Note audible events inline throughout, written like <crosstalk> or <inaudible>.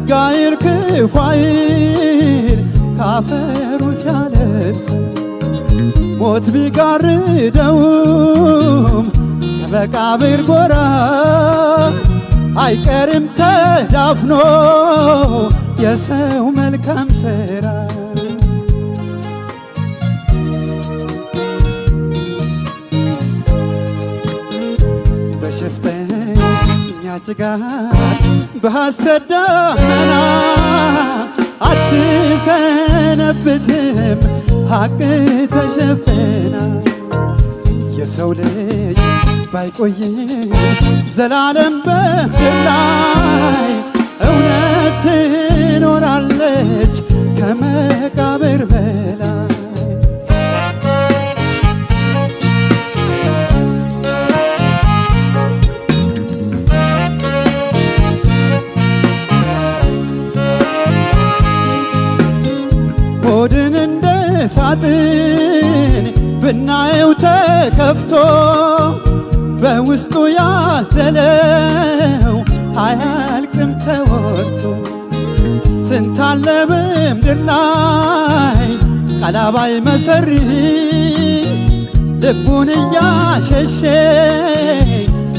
የረጋይን ክፋይን ካፈሩ ሲያለብስ ሞት ቢጋርደውም ከመቃብር ጎራ አይቀርም ተዳፍኖ የሰው መልካም ሥራ ጭጋግ በሐሰት አትሰነብትም ሀቅ ተሸፍና የሰው ልጅ ባይቆይ ዘላለም በምድር ላይ እውነት ትኖራለች ከመቃብር በላይ ሳጥን ብናየው ተከፍቶ በውስጡ ያዘለው አያልቅም ተወርቶ ስንታለ በምድር ላይ ቀላባይ መሰሪ ልቡን እያሸሸ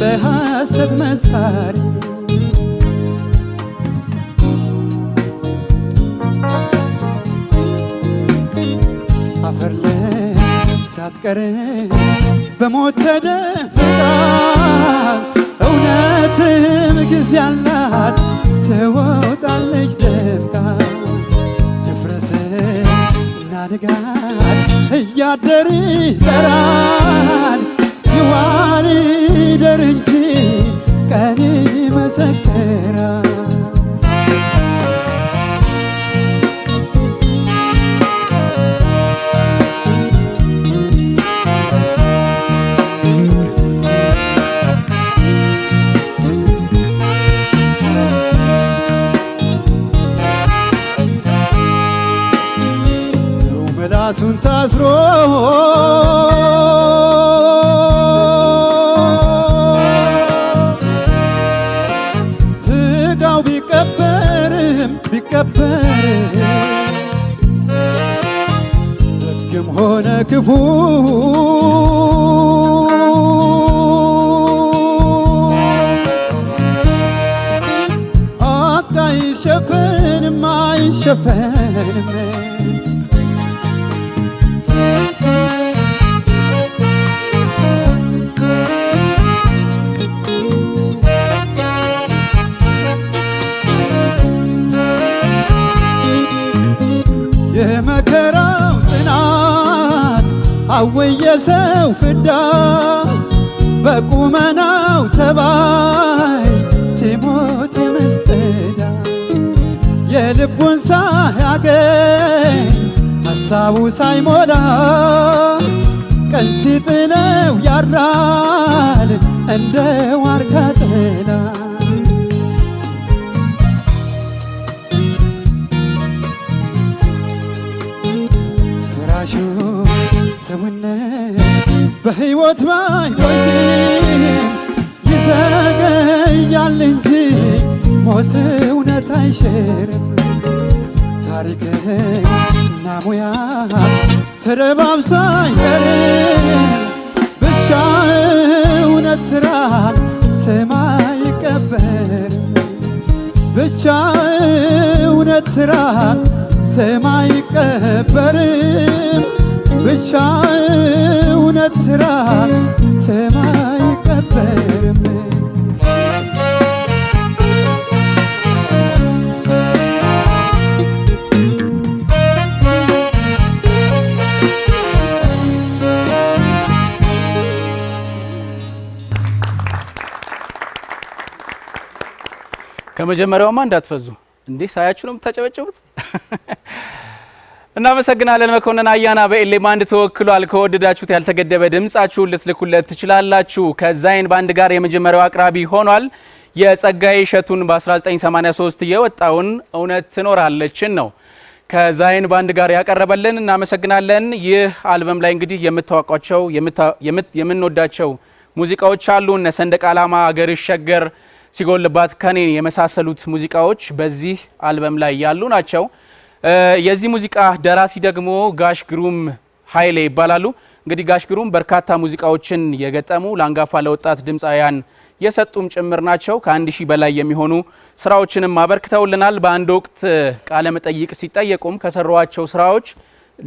በሐሰት መዝካሪ አፈር ልብ ሳትቀር በሞት ተደብቃ እውነትም ጊዜ አላት ትወጣለች ደምቃ ድፍረስ እና እያደር ይጠራል ይዋል ይደር እንጂ ቀን ይመሰክራል ስጋው ቢቀበርም ቢቀበርም ደግም ሆነ ክፉ አይሸፈንም አይሸፈንም ሰው ፍዳ በቁመናው ተባይ ሲሞት የመስጠዳ የልቡን ሳያገኝ ሀሳቡ ሳይሞላ ቀን ሲጥለው ያራል እንደ ዋርካ ጥላ በሕይወት ባይቆይ ይዘገያል እንጂ ሞት እውነት አይሽርም። ታሪክና ሙያ ተደባብሶ አይቀርም። ብቻ እውነት ሥራ ስም አይቀበርም። ብቻ እውነት ሥራ ስም ይቀበርም ብቻ በእውነት ሥራ ስም አይቀበርም። ከመጀመሪያውማ እንዳትፈዙ እንዴ! ሳያችሁ ነው የምታጨበጭቡት። <laughs> እናመሰግናለን። መኮንን አያና በኤሌም ተወክሏል። ከወደዳችሁት ያልተገደበ ድምጻችሁን ልትልኩለት ትችላላችሁ። ከዛይን ባንድ ጋር የመጀመሪያው አቅራቢ ሆኗል። የጸጋዬ እሸቱን በ1983 የወጣውን እውነት ትኖራለችን ነው ከዛይን ባንድ ጋር ያቀረበልን። እናመሰግናለን። ይህ አልበም ላይ እንግዲህ የምታወቋቸው የምንወዳቸው ሙዚቃዎች አሉ። እነ ሰንደቅ ዓላማ፣ አገር ይሸገር፣ ሲጎልባት ከኔ የመሳሰሉት ሙዚቃዎች በዚህ አልበም ላይ ያሉ ናቸው። የዚህ ሙዚቃ ደራሲ ደግሞ ጋሽ ግሩም ኃይሌ ይባላሉ። እንግዲህ ጋሽ ግሩም በርካታ ሙዚቃዎችን የገጠሙ ለአንጋፋ ለወጣት ድምፃውያን የሰጡም ጭምር ናቸው። ከአንድ ሺህ በላይ የሚሆኑ ስራዎችንም አበርክተውልናል። በአንድ ወቅት ቃለ መጠይቅ ሲጠየቁም ከሰሯቸው ስራዎች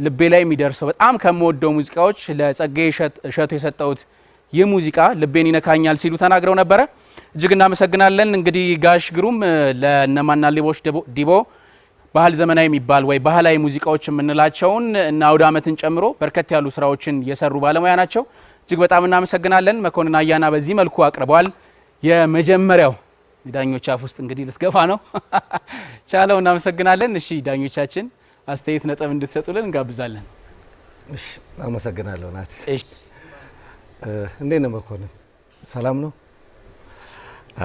ልቤ ላይ የሚደርሰው በጣም ከምወደው ሙዚቃዎች ለጸጋዬ እሸቱ የሰጠሁት ይህ ሙዚቃ ልቤን ይነካኛል ሲሉ ተናግረው ነበረ። እጅግ እናመሰግናለን። እንግዲህ ጋሽ ግሩም ለነማና ሊቦች ዲቦ ባህል ዘመናዊ የሚባል ወይ ባህላዊ ሙዚቃዎች የምንላቸውን እና አውደ ዓመትን ጨምሮ በርከት ያሉ ስራዎችን የሰሩ ባለሙያ ናቸው። እጅግ በጣም እናመሰግናለን። መኮንን አያና በዚህ መልኩ አቅርበዋል። የመጀመሪያው ዳኞች አፍ ውስጥ እንግዲህ ልትገባ ነው <laughs> ቻለው። እናመሰግናለን። እሺ ዳኞቻችን አስተያየት ነጥብ እንድትሰጡልን እንጋብዛለን። እሺ አመሰግናለሁ ናት። እንዴ ነው መኮንን? ሰላም ነው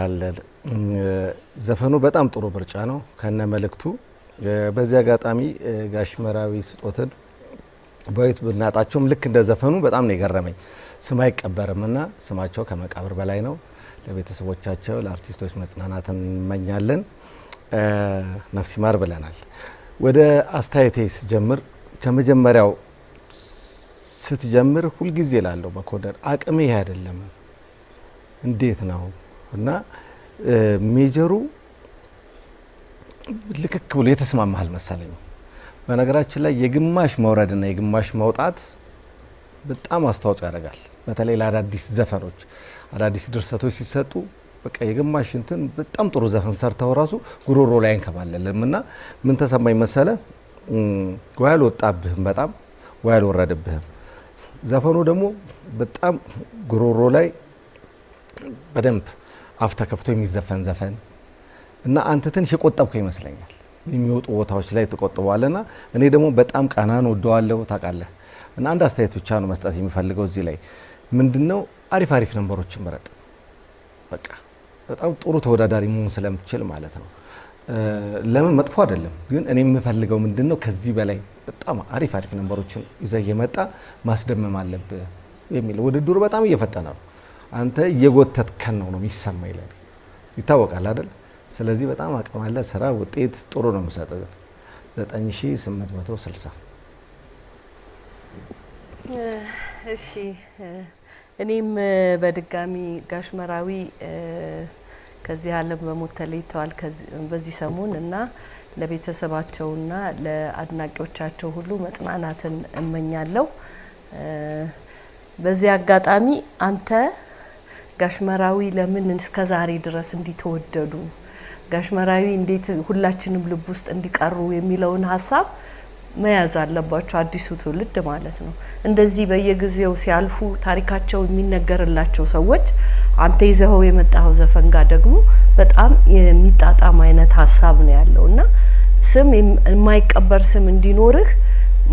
አለን። ዘፈኑ በጣም ጥሩ ምርጫ ነው ከነ መልእክቱ በዚህ አጋጣሚ ጋሽ መራዊ ስጦትን በቤት ብናጣቸውም ልክ እንደ ዘፈኑ በጣም ነው የገረመኝ። ስም አይቀበርም እና ስማቸው ከመቃብር በላይ ነው። ለቤተሰቦቻቸው ለአርቲስቶች መጽናናትን እንመኛለን። ነፍስ ይማር ብለናል። ወደ አስተያየቴ ስጀምር ከመጀመሪያው ስትጀምር ሁልጊዜ ላለው መኮንን አቅሜ አይደለም እንዴት ነው እና ሜጀሩ ልክክ ብሎ የተስማማሃል መሰለኝ። በነገራችን ላይ የግማሽ መውረድና የግማሽ መውጣት በጣም አስተዋጽኦ ያደርጋል። በተለይ ለአዳዲስ ዘፈኖች አዳዲስ ድርሰቶች ሲሰጡ በቃ የግማሽ እንትን በጣም ጥሩ ዘፈን ሰርተው ራሱ ጉሮሮ ላይ እንከባለልም እና ምን ተሰማኝ መሰለ ወይ አልወጣብህም በጣም ወይ አልወረድብህም። ዘፈኑ ደግሞ በጣም ጉሮሮ ላይ በደንብ አፍ ተከፍቶ የሚዘፈን ዘፈን እና አንተ ትንሽ የቆጠብከ ይመስለኛል የሚወጡ ቦታዎች ላይ ትቆጥበዋለና እኔ ደግሞ በጣም ቃናን ወደዋለሁ ታውቃለህ። እና አንድ አስተያየት ብቻ ነው መስጠት የሚፈልገው እዚህ ላይ ምንድነው፣ አሪፍ አሪፍ ነንበሮችን ምረጥ። በቃ በጣም ጥሩ ተወዳዳሪ መሆን ስለምትችል ማለት ነው። ለምን መጥፎ አይደለም፣ ግን እኔ የምፈልገው ምንድነው ከዚህ በላይ በጣም አሪፍ አሪፍ ነንበሮችን ይዘ እየመጣ ማስደመም አለብህ የሚል ውድድሩ በጣም እየፈጠነ ነው። አንተ እየጎተትከን ነው ነው የሚሰማ ይላል። ይታወቃል አይደል? ስለዚህ በጣም አቅም አለ። ስራ ውጤት ጥሩ ነው የሚሰጥ 9860 እሺ እኔም በድጋሚ ጋሽ መራዊ ከዚህ ዓለም በሞት ተለይተዋል በዚህ ሰሞን እና ለቤተሰባቸውና ለአድናቂዎቻቸው ሁሉ መጽናናትን እመኛለሁ። በዚህ አጋጣሚ አንተ ጋሽመራዊ ለምን እስከ ዛሬ ድረስ እንዲተወደዱ? ጋሽ መራዊ እንዴት ሁላችንም ልብ ውስጥ እንዲቀሩ የሚለውን ሀሳብ መያዝ አለባቸው። አዲሱ ትውልድ ማለት ነው። እንደዚህ በየጊዜው ሲያልፉ ታሪካቸው የሚነገርላቸው ሰዎች አንተ ይዘኸው የመጣኸው ዘፈን ጋር ደግሞ በጣም የሚጣጣም አይነት ሀሳብ ነው ያለው እና ስም የማይቀበር ስም እንዲኖርህ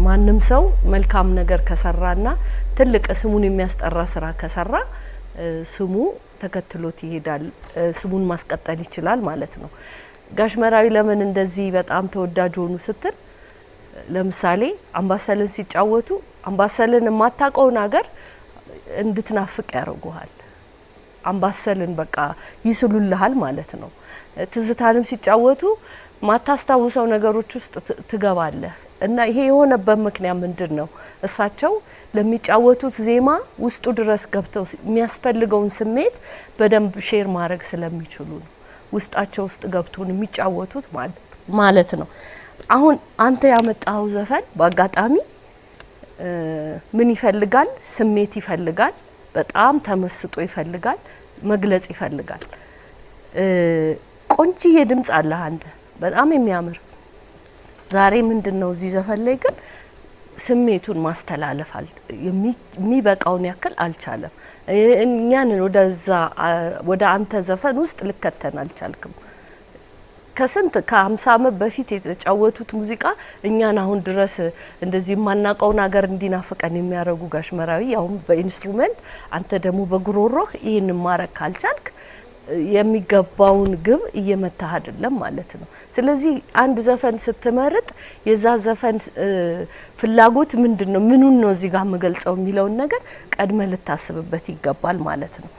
ማንም ሰው መልካም ነገር ከሰራና ትልቅ ስሙን የሚያስጠራ ስራ ከሰራ ስሙ ተከትሎት ይሄዳል። ስሙን ማስቀጠል ይችላል ማለት ነው። ጋሽ መራዊ ለምን እንደዚህ በጣም ተወዳጅ ሆኑ ስትል ለምሳሌ አምባሰልን ሲጫወቱ አምባሰልን የማታውቀውን ሀገር እንድትናፍቅ ያደርጉሃል። አምባሰልን በቃ ይስሉልሃል ማለት ነው። ትዝታንም ሲጫወቱ ማታስታውሰው ነገሮች ውስጥ ትገባለህ። እና ይሄ የሆነበት ምክንያት ምንድን ነው? እሳቸው ለሚጫወቱት ዜማ ውስጡ ድረስ ገብተው የሚያስፈልገውን ስሜት በደንብ ሼር ማድረግ ስለሚችሉ ነው። ውስጣቸው ውስጥ ገብቶን የሚጫወቱት ማለት ነው። አሁን አንተ ያመጣኸው ዘፈን በአጋጣሚ ምን ይፈልጋል? ስሜት ይፈልጋል። በጣም ተመስጦ ይፈልጋል። መግለጽ ይፈልጋል። ቆንጂ ድምጽ አለህ አንተ በጣም የሚያምር ዛሬ ምንድን ነው እዚህ ዘፈን ላይ ግን ስሜቱን ማስተላለፍ የሚበቃውን ያክል አልቻለም። እኛን ወደዛ ወደ አንተ ዘፈን ውስጥ ልከተን አልቻልክም። ከስንት ከ አመት በፊት የተጫወቱት ሙዚቃ እኛን አሁን ድረስ እንደዚህ የማናውቀውን ሀገር እንዲናፍቀን የሚያደርጉ ጋሽመራዊ፣ ያሁን በኢንስትሩመንት አንተ ደግሞ በጉሮሮህ ይህን ማረግ ካልቻልክ የሚገባውን ግብ እየመታህ አይደለም ማለት ነው። ስለዚህ አንድ ዘፈን ስትመርጥ የዛ ዘፈን ፍላጎት ምንድን ነው፣ ምኑን ነው እዚህ ጋር የምገልጸው የሚለውን ነገር ቀድመ ልታስብበት ይገባል ማለት ነው።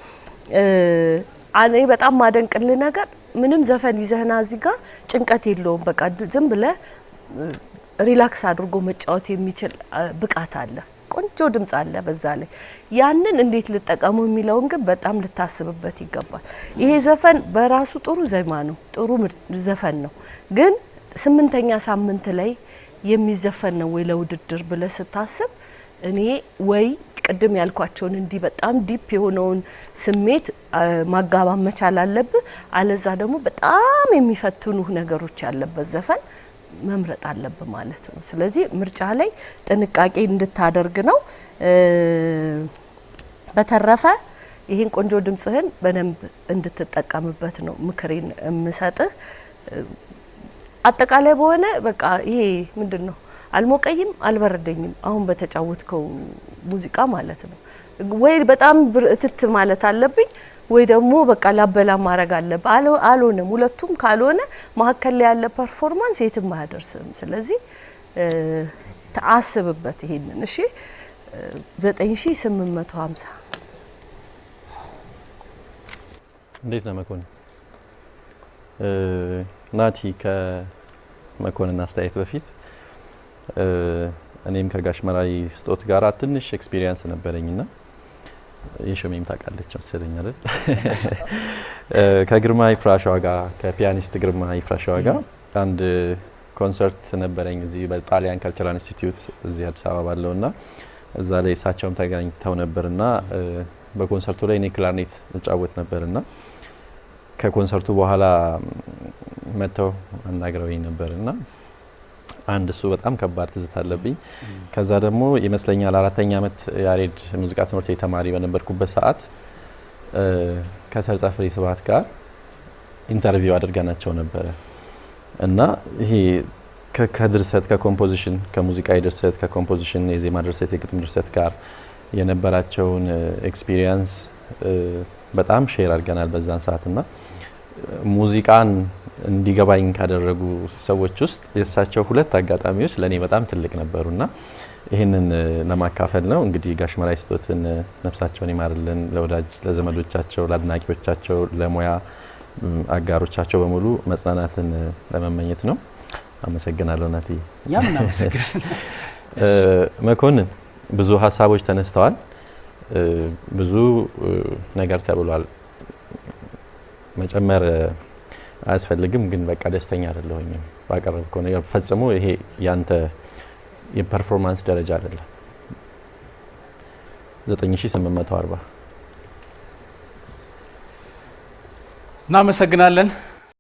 እኔ በጣም ማደንቅል ነገር ምንም ዘፈን ይዘህና እዚህ ጋር ጭንቀት የለውም። በቃ ዝም ብለህ ሪላክስ አድርጎ መጫወት የሚችል ብቃት አለ። ቆንጆ ድምጽ አለ በዛ ላይ ያንን እንዴት ልጠቀሙ የሚለውን ግን በጣም ልታስብበት ይገባል። ይሄ ዘፈን በራሱ ጥሩ ዜማ ነው፣ ጥሩ ዘፈን ነው። ግን ስምንተኛ ሳምንት ላይ የሚዘፈን ነው ወይ ለውድድር ብለ ስታስብ እኔ ወይ ቅድም ያልኳቸውን እንዲህ በጣም ዲፕ የሆነውን ስሜት ማጋባ መቻል አለብህ። አለዛ ደግሞ በጣም የሚፈትኑህ ነገሮች ያለበት ዘፈን መምረጥ አለብ ማለት ነው። ስለዚህ ምርጫ ላይ ጥንቃቄ እንድታደርግ ነው። በተረፈ ይህን ቆንጆ ድምጽህን በደንብ እንድትጠቀምበት ነው ምክሬን የምሰጥህ። አጠቃላይ በሆነ በቃ ይሄ ምንድን ነው አልሞቀይም አልበረደኝም፣ አሁን በተጫወትከው ሙዚቃ ማለት ነው ወይ በጣም ብርትት ማለት አለብኝ ወይ ደግሞ በቃ ላበላ ማድረግ አለብህ አልሆነም። ሁለቱም ካልሆነ መሀከል ላይ ያለ ፐርፎርማንስ የትም አያደርስም። ስለዚህ ተአስብበት ይሄንን። እሺ 9850 እንዴት ነው መኮንን? ናቲ ከመኮንን አስተያየት በፊት እኔም ከጋሽ መራዊ ስጦት ጋር ትንሽ ኤክስፒሪየንስ ነበረኝና የሾሜም ታውቃለች መሰለኝ አይደል? <laughs> ከግርማ ይፍራሻዋ ጋር ከፒያኒስት ግርማ ይፍራሻዋ ጋር አንድ ኮንሰርት ነበረኝ እዚህ በጣሊያን ካልቸራል ኢንስቲትዩት እዚህ አዲስ አበባ ባለውና እዛ ላይ እሳቸውም ተገናኝተው ነበርና በኮንሰርቱ ላይ እኔ ክላርኔት እጫወት ነበርና ከኮንሰርቱ በኋላ መጥተው አናግረውኝ ነበርና አንድ እሱ በጣም ከባድ ትዝት አለብኝ። ከዛ ደግሞ ይመስለኛል አራተኛ ዓመት ያሬድ ሙዚቃ ትምህርት ቤት ተማሪ በነበርኩበት ሰዓት ከሰርጸ ፍሬ ስብሐት ጋር ኢንተርቪው አድርገናቸው ነበረ እና ይሄ ከድርሰት ከኮምፖዚሽን ከሙዚቃ ድርሰት ከኮምፖዚሽን የዜማ ድርሰት የግጥም ድርሰት ጋር የነበራቸውን ኤክስፒሪየንስ በጣም ሼር አድርገናል በዛን ሰዓት እና ሙዚቃን እንዲገባኝ ካደረጉ ሰዎች ውስጥ የእሳቸው ሁለት አጋጣሚዎች ለእኔ በጣም ትልቅ ነበሩና ይህንን ለማካፈል ነው። እንግዲህ ጋሽ መርዓዊ ስጦትን ነፍሳቸውን ይማርልን፣ ለወዳጅ ለዘመዶቻቸው፣ ለአድናቂዎቻቸው፣ ለሙያ አጋሮቻቸው በሙሉ መጽናናትን ለመመኘት ነው። አመሰግናለሁ ናቲ። <laughs> መኮንን ብዙ ሀሳቦች ተነስተዋል፣ ብዙ ነገር ተብሏል። መጨመር አያስፈልግም፣ ግን በቃ ደስተኛ አይደለሁኝም ባቀረብከው ነገር ፈጽሞ ይሄ ያንተ የፐርፎርማንስ ደረጃ አይደለም። 9840 እናመሰግናለን።